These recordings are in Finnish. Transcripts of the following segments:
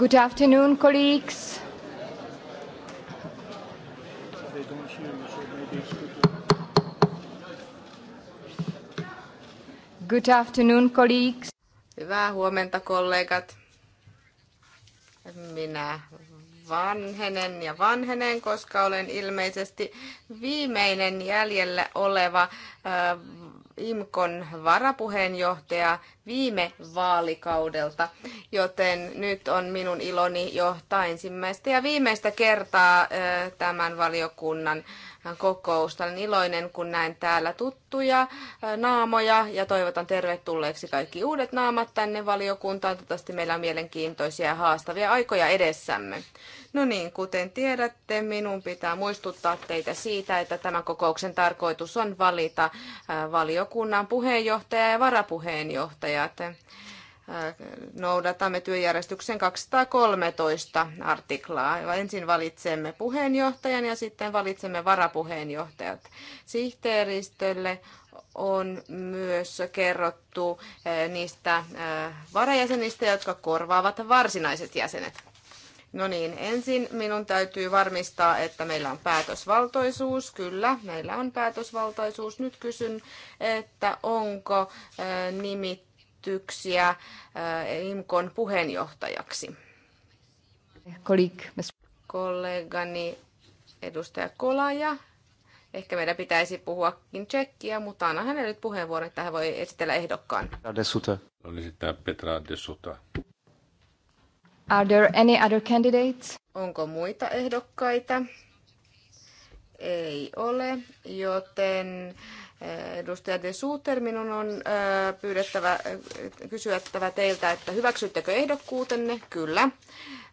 Good afternoon, colleagues. Good afternoon, colleagues. Hyvää huomenta, kollegat. Minä vanhenen ja vanhenen, koska olen ilmeisesti viimeinen jäljellä oleva äh, IMKON varapuheenjohtaja viime vaalikaudelta, joten nyt on minun iloni johtaa ensimmäistä ja viimeistä kertaa tämän valiokunnan kokousta. Olen iloinen, kun näen täällä tuttuja naamoja ja toivotan tervetulleeksi kaikki uudet naamat tänne valiokuntaan. Toivottavasti meillä on mielenkiintoisia ja haastavia aikoja edessämme. No niin, kuten tiedätte, minun pitää muistuttaa teitä siitä, että tämän kokouksen tarkoitus on valita valiokunnan puheenjohtaja ja varapuheenjohtaja että äh, Noudatamme työjärjestyksen 213 artiklaa. Ensin valitsemme puheenjohtajan ja sitten valitsemme varapuheenjohtajat. Sihteeristölle on myös kerrottu äh, niistä äh, varajäsenistä, jotka korvaavat varsinaiset jäsenet. No niin, ensin minun täytyy varmistaa, että meillä on päätösvaltaisuus. Kyllä, meillä on päätösvaltaisuus. Nyt kysyn, että onko nimittäin nimityksiä äh, IMKON puheenjohtajaksi. Kollegani edustaja Kolaja. Ehkä meidän pitäisi puhuakin tsekkiä, mutta anna hänelle nyt puheenvuoron, että hän voi esitellä ehdokkaan. Desuta. Oli sitten Petra Desuta. Are there any other candidates? Onko muita ehdokkaita? Ei ole, joten Edustaja De Suter, minun on pyydettävä, kysyttävä teiltä, että hyväksyttekö ehdokkuutenne? Kyllä.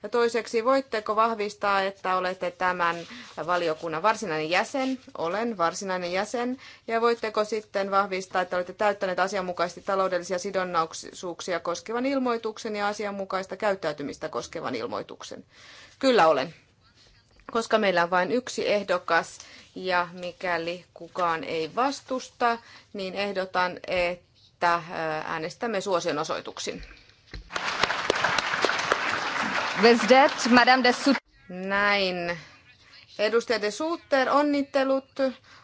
Ja toiseksi, voitteko vahvistaa, että olette tämän valiokunnan varsinainen jäsen? Olen varsinainen jäsen. Ja voitteko sitten vahvistaa, että olette täyttäneet asianmukaisesti taloudellisia sidonnaisuuksia koskevan ilmoituksen ja asianmukaista käyttäytymistä koskevan ilmoituksen? Kyllä olen koska meillä on vain yksi ehdokas ja mikäli kukaan ei vastusta, niin ehdotan, että äh, äänestämme suosion osoituksin. Näin. Edustaja de Suutter, onnittelut.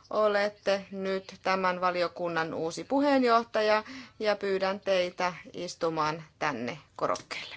Olette nyt tämän valiokunnan uusi puheenjohtaja ja pyydän teitä istumaan tänne korokkeelle.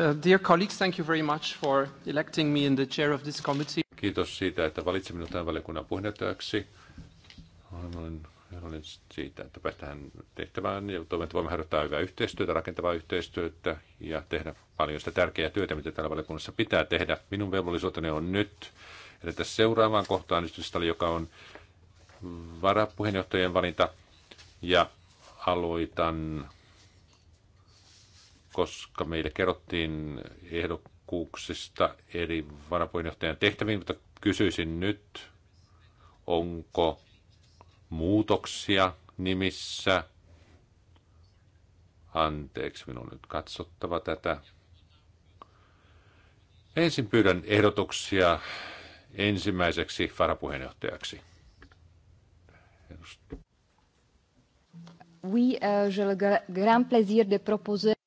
Uh, dear colleagues, thank you very much for electing me in the chair of this committee. Kiitos siitä, että valitsit minut tämän valiokunnan puheenjohtajaksi. Olen iloinen siitä, että tähän tehtävään ja toivon, että voimme harjoittaa hyvää yhteistyötä, rakentavaa yhteistyötä ja tehdä paljon sitä tärkeää työtä, mitä täällä valiokunnassa pitää tehdä. Minun velvollisuuteni on nyt edetä seuraavaan kohtaan ystävästä, joka on varapuheenjohtajien valinta ja aloitan koska meille kerrottiin ehdokkuuksista eri varapuheenjohtajan tehtäviin, mutta kysyisin nyt, onko muutoksia nimissä. Anteeksi, minun on nyt katsottava tätä. Ensin pyydän ehdotuksia ensimmäiseksi varapuheenjohtajaksi. Oui, euh, j'ai le grand plaisir de proposer.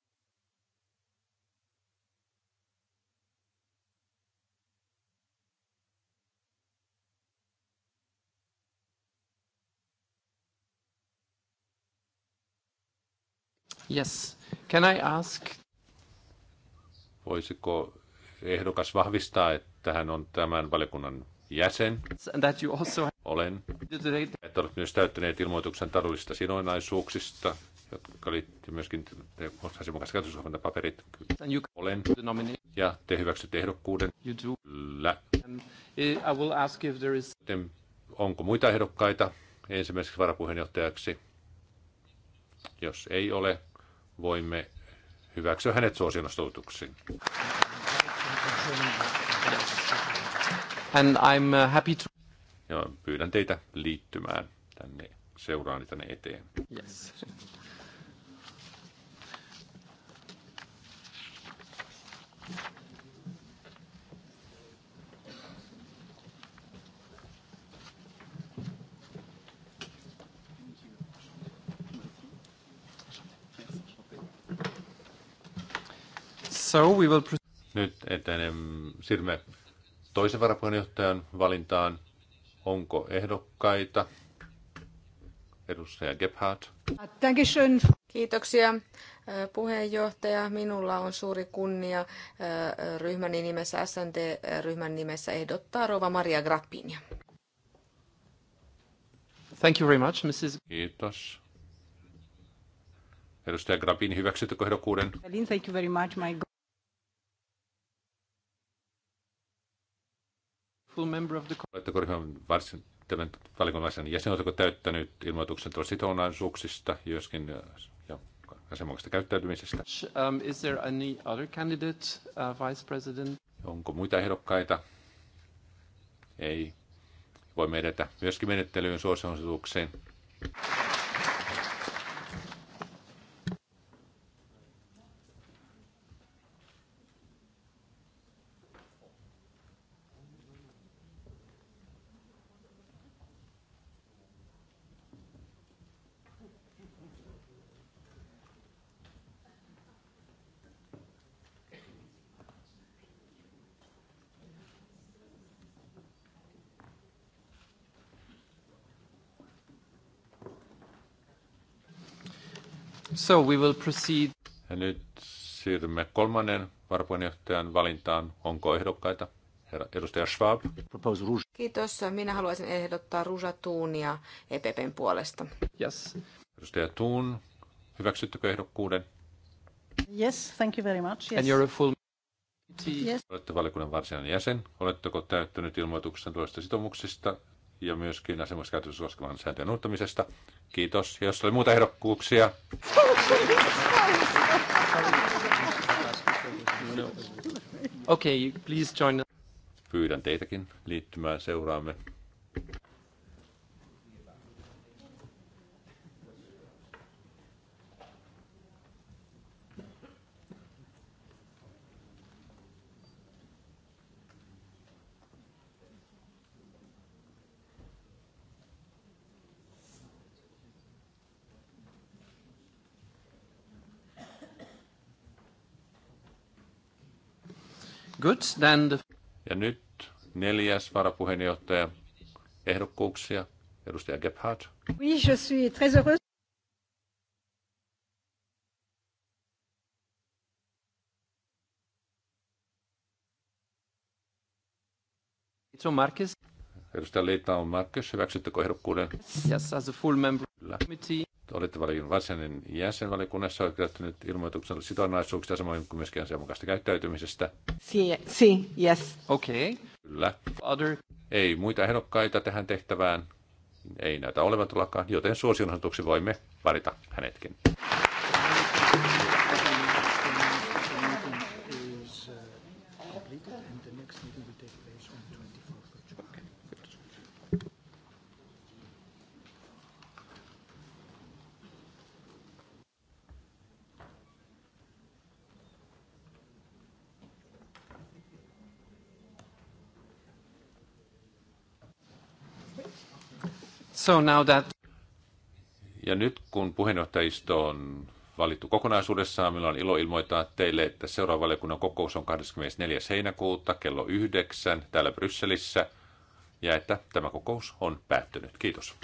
Yes. Can I ask? Voisiko ehdokas vahvistaa, että hän on tämän valiokunnan jäsen? That you also... Olen. Että olet myös täyttäneet ilmoituksen taloudellisista sidonnaisuuksista, jotka liittyvät myöskin asianmukaisen käytösohjelman paperit. Olen. Ja te hyväksytte ehdokkuuden. You do. Eh, I will ask if there is... Onko muita ehdokkaita ensimmäiseksi varapuheenjohtajaksi? Jos ei ole, voimme hyväksyä hänet suosionostoutuksiin. And I'm uh, happy to... Ja pyydän teitä liittymään tänne seuraani tänne eteen. Yes. So we will... Nyt etenemme, siirrymme toisen varapuheenjohtajan valintaan. Onko ehdokkaita? Edustaja Gebhardt. Kiitoksia äh, puheenjohtaja. Minulla on suuri kunnia äh, ryhmäni nimessä, SNT-ryhmän nimessä ehdottaa Rova Maria Grappinia. Thank you very much, Mrs. Kiitos. Edustaja Grappini, hyväksyttekö ehdokkuuden? Thank you very much, my Oletteko ryhmän varsin, tämän valikon varsin jäsen, oletteko täyttänyt ilmoituksen tuolla sitoumuksista, joskin äh, ja jäsenmaksista käyttäytymisestä? Um, is there any other candidate, uh, vice president? Onko muita ehdokkaita? Ei. Voimme edetä myöskin menettelyyn suosiosuutukseen. So we will proceed. Ja nyt siirrymme kolmannen varapuheenjohtajan valintaan. Onko ehdokkaita? Herra, edustaja Schwab. Kiitos. Minä haluaisin ehdottaa Rusa Tuunia EPPn puolesta. Yes. Edustaja Tuun, hyväksyttekö ehdokkuuden? Yes, thank you very much. Yes. And you're a full... Yes. Olette valiokunnan varsinainen jäsen. Oletteko täyttänyt ilmoituksen tuosta sitoumuksista? ja myöskin asemuskäytössä koskevan sääntöjen uuttamisesta. Kiitos. Ja jos oli muita ehdokkuuksia. Okay, please join. Pyydän teitäkin liittymään seuraamme. Goods, then Ja nyt neljäs varapuheenjohtaja ehdokkuuksia, edustaja Gebhardt. Oui, je suis très heureux. Itso Markes. Edustaja Leita on Markes. Hyväksyttekö ehdokkuuden? Yes, as a full member. of the Committee olette valiokunnan varsinainen jäsenvaliokunnassa, olette käyttänyt ilmoituksen sidonnaisuuksista samoin kuin myöskin asianmukaista käyttäytymisestä. Si, si yes. Okei. Okay. Kyllä. Other. Ei muita ehdokkaita tähän tehtävään. Ei näytä olevan tullakaan, joten suosionhoituksi voimme valita hänetkin. So now that... Ja nyt kun puheenjohtajisto on valittu kokonaisuudessaan, meillä on ilo ilmoittaa teille, että seuraava valiokunnan kokous on 24. heinäkuuta kello 9 täällä Brysselissä ja että tämä kokous on päättynyt. Kiitos.